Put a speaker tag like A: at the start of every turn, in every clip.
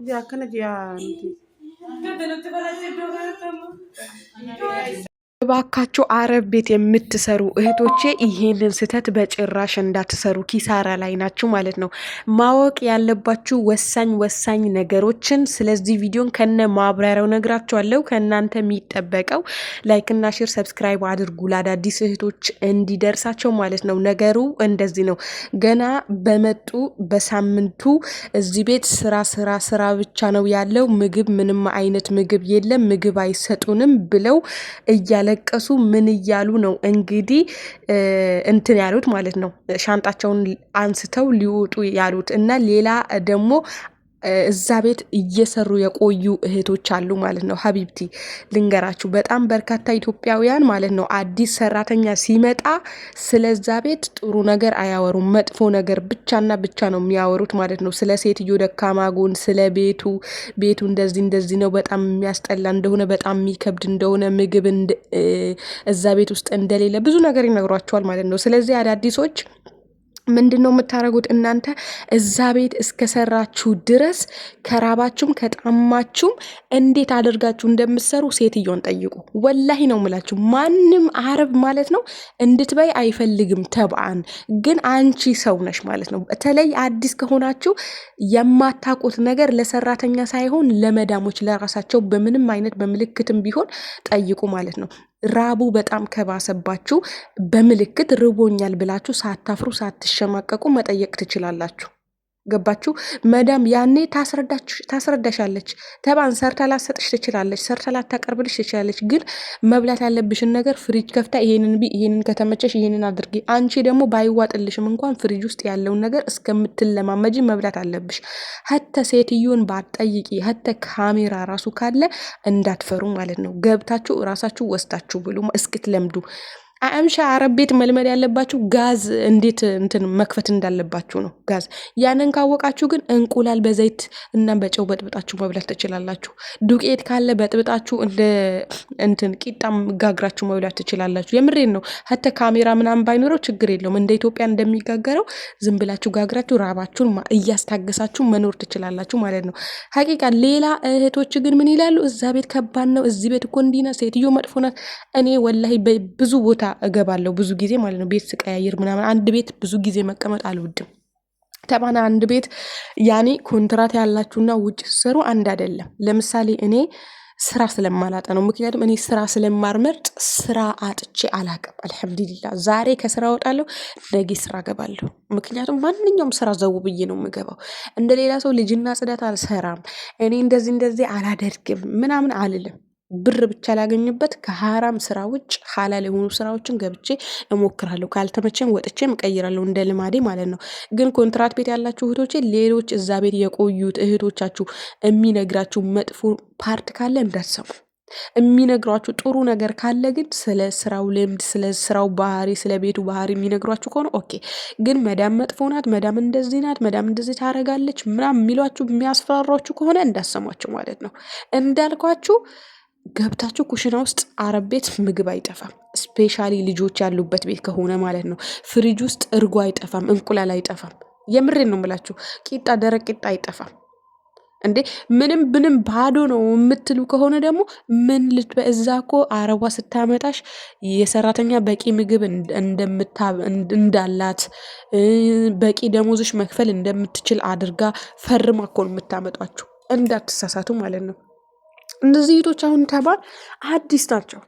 A: Yakını diyor. Kadın ötübala tepe olan tamam. እባካችሁ አረብ ቤት የምትሰሩ እህቶቼ ይሄንን ስህተት በጭራሽ እንዳትሰሩ፣ ኪሳራ ላይ ናችሁ ማለት ነው። ማወቅ ያለባችሁ ወሳኝ ወሳኝ ነገሮችን ስለዚህ ቪዲዮን ከነ ማብራሪያው ነግራችኋለሁ። ከእናንተ የሚጠበቀው ላይክና ሼር ሰብስክራይብ አድርጉ፣ ለአዳዲስ እህቶች እንዲደርሳቸው ማለት ነው። ነገሩ እንደዚህ ነው። ገና በመጡ በሳምንቱ እዚህ ቤት ስራ ስራ ስራ ብቻ ነው ያለው። ምግብ ምንም አይነት ምግብ የለም፣ ምግብ አይሰጡንም ብለው እያለ እያለቀሱ ምን እያሉ ነው እንግዲህ እንትን ያሉት ማለት ነው። ሻንጣቸውን አንስተው ሊወጡ ያሉት እና ሌላ ደግሞ እዛ ቤት እየሰሩ የቆዩ እህቶች አሉ ማለት ነው። ሀቢብቲ ልንገራችሁ፣ በጣም በርካታ ኢትዮጵያውያን ማለት ነው አዲስ ሰራተኛ ሲመጣ ስለዛ ቤት ጥሩ ነገር አያወሩም። መጥፎ ነገር ብቻና ብቻ ነው የሚያወሩት ማለት ነው። ስለ ሴትዮ ደካማ ጎን፣ ስለ ቤቱ ቤቱ እንደዚህ እንደዚህ ነው፣ በጣም የሚያስጠላ እንደሆነ፣ በጣም የሚከብድ እንደሆነ፣ ምግብ እዛ ቤት ውስጥ እንደሌለ ብዙ ነገር ይነግሯቸዋል ማለት ነው። ስለዚህ አዳዲሶች ምንድን ነው የምታደርጉት? እናንተ እዛ ቤት እስከሰራችሁ ድረስ ከራባችሁም ከጣማችሁም እንዴት አድርጋችሁ እንደምትሰሩ ሴትዮን ጠይቁ። ወላሂ ነው የምላችሁ። ማንም አረብ ማለት ነው እንድትበይ አይፈልግም። ተብአን ግን አንቺ ሰው ነሽ ማለት ነው። በተለይ አዲስ ከሆናችሁ የማታውቁት ነገር ለሰራተኛ ሳይሆን ለመዳሞች ለራሳቸው በምንም አይነት በምልክትም ቢሆን ጠይቁ ማለት ነው። ራቡ በጣም ከባሰባችሁ በምልክት ርቦኛል ብላችሁ ሳታፍሩ ሳትሸማቀቁ መጠየቅ ትችላላችሁ። ገባችሁ መዳም ያኔ ታስረዳሻለች። ተባን ሰርታ ላሰጥሽ ትችላለች፣ ሰርታ ላታቀርብልሽ ትችላለች። ግን መብላት ያለብሽን ነገር ፍሪጅ ከፍታ ይሄንን ቢ ይሄንን ከተመቸሽ ይሄንን አድርጊ። አንቺ ደግሞ ባይዋጥልሽም እንኳን ፍሪጅ ውስጥ ያለውን ነገር እስከምትለማመጂ መብላት አለብሽ። ሀተ ሴትዮን ባትጠይቂ ሀተ ካሜራ ራሱ ካለ እንዳትፈሩ ማለት ነው። ገብታችሁ ራሳችሁ ወስዳችሁ ብሉ እስክትለምዱ አእምሻ አረብ ቤት መልመድ ያለባችሁ ጋዝ እንዴት እንትን መክፈት እንዳለባችሁ ነው። ጋዝ ያንን ካወቃችሁ ግን እንቁላል በዘይት እና በጨው በጥብጣችሁ መብላት ትችላላችሁ። ዱቄት ካለ በጥብጣችሁ እንደ እንትን ቂጣም ጋግራችሁ መብላት ትችላላችሁ። የምሬን ነው። ሀተ ካሜራ ምናምን ባይኖረው ችግር የለውም። እንደ ኢትዮጵያ እንደሚጋገረው ዝም ብላችሁ ጋግራችሁ ራባችሁን እያስታገሳችሁ መኖር ትችላላችሁ ማለት ነው። ሀቂቃ ሌላ እህቶች ግን ምን ይላሉ? እዛ ቤት ከባድ ነው፣ እዚህ ቤት እኮ ሴትዮ መጥፎ ናት። እኔ ወላሂ ብዙ ቦታ እገባለሁ ብዙ ጊዜ ማለት ነው። ቤት ስቀያይር ምናምን አንድ ቤት ብዙ ጊዜ መቀመጥ አልወድም። ተባና አንድ ቤት ያኔ ኮንትራት ያላችሁና ውጭ ስሰሩ አንድ አይደለም። ለምሳሌ እኔ ስራ ስለማላጠ ነው። ምክንያቱም እኔ ስራ ስለማርመርጥ ስራ አጥቼ አላቅም። አልሐምዱሊላ ዛሬ ከስራ እወጣለሁ፣ ነገ ስራ እገባለሁ። ምክንያቱም ማንኛውም ስራ ዘው ብዬ ነው የምገባው። እንደ ሌላ ሰው ልጅና ጽዳት አልሰራም፣ እኔ እንደዚህ እንደዚህ አላደርግም ምናምን አልልም። ብር ብቻ ላገኝበት ከሀራም ስራ ውጭ ሀላል የሆኑ ስራዎችን ገብቼ እሞክራለሁ። ካልተመቼም ወጥቼም እቀይራለሁ እንደ ልማዴ ማለት ነው። ግን ኮንትራት ቤት ያላችሁ እህቶቼ ሌሎች እዛ ቤት የቆዩት እህቶቻችሁ የሚነግራችሁ መጥፎ ፓርት ካለ እንዳትሰሙ። የሚነግሯችሁ ጥሩ ነገር ካለ ግን ስለ ስራው ልምድ፣ ስለ ስራው ባህሪ፣ ስለ ቤቱ ባህሪ የሚነግሯችሁ ከሆነ ኦኬ። ግን መዳም መጥፎ ናት፣ መዳም እንደዚህ ናት፣ መዳም እንደዚህ ታደርጋለች ምናምን የሚሏችሁ የሚያስፈራሯችሁ ከሆነ እንዳሰሟችሁ ማለት ነው እንዳልኳችሁ ገብታችሁ ኩሽና ውስጥ አረብ ቤት ምግብ አይጠፋም። ስፔሻሊ ልጆች ያሉበት ቤት ከሆነ ማለት ነው። ፍሪጅ ውስጥ እርጎ አይጠፋም፣ እንቁላል አይጠፋም። የምሬ ነው የምላችሁ። ቂጣ፣ ደረቅ ቂጣ አይጠፋም። እንዴ ምንም ምንም ባዶ ነው የምትሉ ከሆነ ደግሞ ምን በእዛ እኮ አረቧ ስታመጣሽ የሰራተኛ በቂ ምግብ እንዳላት በቂ ደሞዞች መክፈል እንደምትችል አድርጋ ፈርማ እኮ ነው የምታመጧችሁ። እንዳትሳሳቱ ማለት ነው። እነዚህ እህቶች አሁን ተባል አዲስ ናቸው።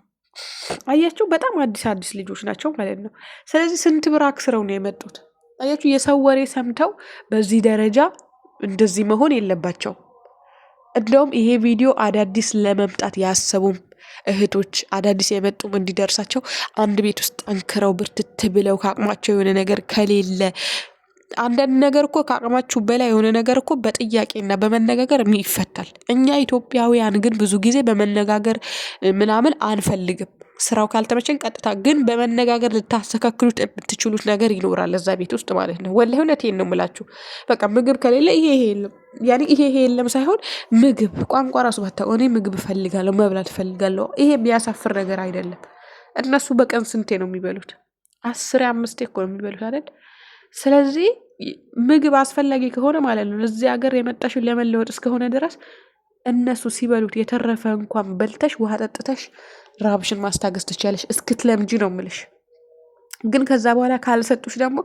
A: አያቸው በጣም አዲስ አዲስ ልጆች ናቸው ማለት ነው። ስለዚህ ስንት ብር አክስረው ነው የመጡት። አያችሁ፣ የሰው ወሬ ሰምተው በዚህ ደረጃ እንደዚህ መሆን የለባቸው። እንደውም ይሄ ቪዲዮ አዳዲስ ለመምጣት ያሰቡም እህቶች አዳዲስ የመጡም እንዲደርሳቸው አንድ ቤት ውስጥ ጠንክረው ብርትት ብለው ከአቅማቸው የሆነ ነገር ከሌለ አንዳንድ ነገር እኮ ከአቅማችሁ በላይ የሆነ ነገር እኮ በጥያቄና በመነጋገር ይፈታል። እኛ ኢትዮጵያውያን ግን ብዙ ጊዜ በመነጋገር ምናምን አንፈልግም። ስራው ካልተመቸን ቀጥታ ግን በመነጋገር ልታስተካክሉት የምትችሉት ነገር ይኖራል እዛ ቤት ውስጥ ማለት ነው። ወላሂ እውነቴን ነው የምላችሁ። በቃ ምግብ ከሌለ ይሄ ይሄ የለም ያኔ ይሄ ይሄ የለም ሳይሆን ምግብ ቋንቋ ራሱ ባታውቀው እኔ ምግብ እፈልጋለሁ፣ መብላት እፈልጋለሁ። ይሄ የሚያሳፍር ነገር አይደለም። እነሱ በቀን ስንቴ ነው የሚበሉት? አስሬ አምስቴ እኮ ነው የሚበሉት አይደል? ስለዚህ ምግብ አስፈላጊ ከሆነ ማለት ነው እዚህ ሀገር የመጣሽ ለመለወጥ እስከሆነ ድረስ እነሱ ሲበሉት የተረፈ እንኳን በልተሽ ውሃ ጠጥተሽ ራብሽን ማስታገስ ትችያለሽ። እስክትለምጂ ነው ምልሽ። ግን ከዛ በኋላ ካልሰጡሽ ደግሞ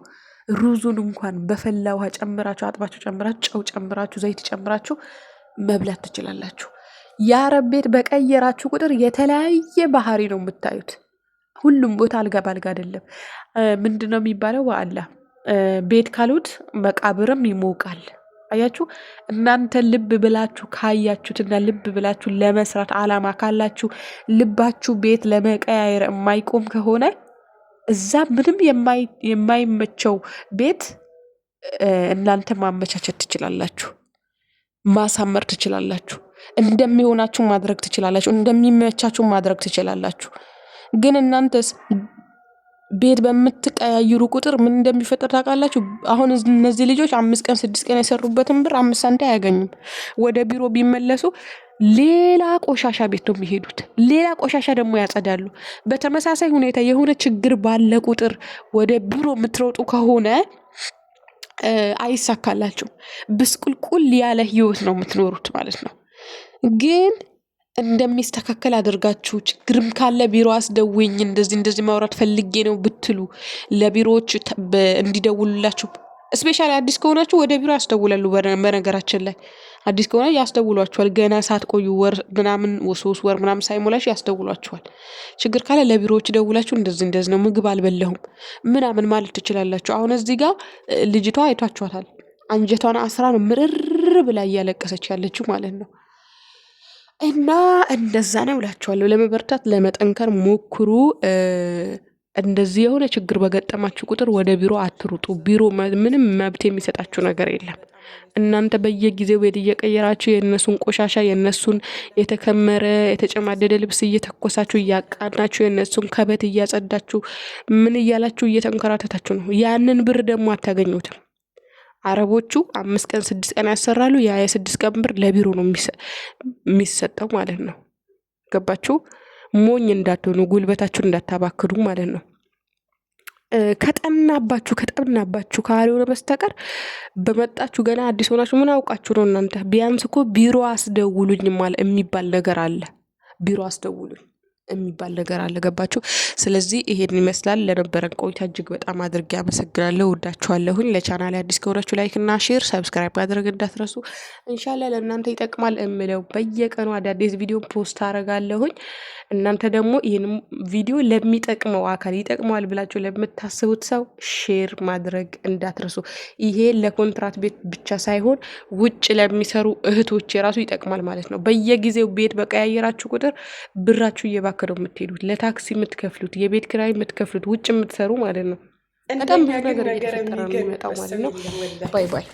A: ሩዙን እንኳን በፈላ ውሃ ጨምራችሁ አጥባችሁ ጨምራችሁ ጨው ጨምራችሁ ዘይት ጨምራችሁ መብላት ትችላላችሁ። የአረብ ቤት በቀየራችሁ ቁጥር የተለያየ ባህሪ ነው የምታዩት። ሁሉም ቦታ አልጋ ባልጋ አይደለም። ምንድን ነው የሚባለው በአላህ ቤት ካሉት መቃብርም ይሞቃል። አያችሁ እናንተ ልብ ብላችሁ ካያችሁትና ልብ ብላችሁ ለመስራት አላማ ካላችሁ ልባችሁ ቤት ለመቀያየር የማይቆም ከሆነ እዛ ምንም የማይመቸው ቤት እናንተ ማመቻቸት ትችላላችሁ፣ ማሳመር ትችላላችሁ፣ እንደሚሆናችሁ ማድረግ ትችላላችሁ፣ እንደሚመቻችሁ ማድረግ ትችላላችሁ። ግን እናንተስ ቤት በምትቀያይሩ ቁጥር ምን እንደሚፈጠር ታውቃላችሁ? አሁን እነዚህ ልጆች አምስት ቀን ስድስት ቀን የሰሩበትን ብር አምስት ሳንቲም አያገኙም። ወደ ቢሮ ቢመለሱ ሌላ ቆሻሻ ቤት ነው የሚሄዱት። ሌላ ቆሻሻ ደግሞ ያጸዳሉ። በተመሳሳይ ሁኔታ የሆነ ችግር ባለ ቁጥር ወደ ቢሮ የምትሮጡ ከሆነ አይሳካላችሁም። ብስቁልቁል ያለ ህይወት ነው የምትኖሩት ማለት ነው ግን እንደሚስተካከል አድርጋችሁ ችግርም ካለ ቢሮ አስደውኝ እንደዚህ እንደዚህ ማውራት ፈልጌ ነው ብትሉ ለቢሮዎች እንዲደውሉላችሁ እስፔሻሊ አዲስ ከሆናችሁ ወደ ቢሮ ያስደውላሉ። በነገራችን ላይ አዲስ ከሆነ ያስደውሏችኋል። ገና ሳትቆዩ ወር ምናምን ሶስት ወር ምናምን ሳይሞላሽ ያስደውሏችኋል። ችግር ካለ ለቢሮዎች ደውላችሁ እንደዚህ እንደዚህ ነው ምግብ አልበለሁም ምናምን ማለት ትችላላችሁ። አሁን እዚህ ጋር ልጅቷ አይቷችኋታል። አንጀቷን አስራ ነው ምርር ብላ እያለቀሰች ያለችው ማለት ነው። እና እንደዛ ነው እላችኋለሁ። ለመበርታት ለመጠንከር ሞክሩ። እንደዚህ የሆነ ችግር በገጠማችሁ ቁጥር ወደ ቢሮ አትሩጡ። ቢሮ ምንም መብት የሚሰጣችሁ ነገር የለም። እናንተ በየጊዜው ቤት እየቀየራችሁ የእነሱን ቆሻሻ የእነሱን የተከመረ የተጨማደደ ልብስ እየተኮሳችሁ እያቃናችሁ የእነሱን ከበት እያጸዳችሁ ምን እያላችሁ እየተንከራተታችሁ ነው። ያንን ብር ደግሞ አታገኙትም። አረቦቹ አምስት ቀን ስድስት ቀን ያሰራሉ። የስድስት ቀን ብር ለቢሮ ነው የሚሰጠው ማለት ነው። ገባችሁ? ሞኝ እንዳትሆኑ፣ ጉልበታችሁን እንዳታባክዱ ማለት ነው። ከጠናባችሁ ከጠናባችሁ ካልሆነ በስተቀር በመጣችሁ ገና አዲስ ሆናችሁ ምን አውቃችሁ ነው እናንተ። ቢያንስ እኮ ቢሮ አስደውሉኝ የሚባል ነገር አለ። ቢሮ አስደውሉኝ የሚባል ነገር አለገባችሁ ስለዚህ ይሄን ይመስላል። ለነበረን ቆይታ እጅግ በጣም አድርጌ አመሰግናለሁ። ወዳችኋለሁኝ። ለቻናል አዲስ ከሆናችሁ ላይክ እና ሼር፣ ሰብስክራይብ ማድረግ እንዳትረሱ። እንሻላ ለእናንተ ይጠቅማል እምለው በየቀኑ አዳዲስ ቪዲዮ ፖስት አረጋለሁኝ። እናንተ ደግሞ ይህን ቪዲዮ ለሚጠቅመው አካል ይጠቅመዋል ብላችሁ ለምታስቡት ሰው ሼር ማድረግ እንዳትረሱ። ይሄ ለኮንትራት ቤት ብቻ ሳይሆን ውጭ ለሚሰሩ እህቶች የራሱ ይጠቅማል ማለት ነው። በየጊዜው ቤት በቀያየራችሁ ቁጥር ብራችሁ እየባ እየተላከ የምትሄዱት። ለታክሲ የምትከፍሉት፣ የቤት ክራይ የምትከፍሉት፣ ውጭ የምትሰሩ ማለት ነው። በጣም ብዙ ነገር እየተፈጠረ ነው የሚመጣው ማለት ነው። ባይ ባይ።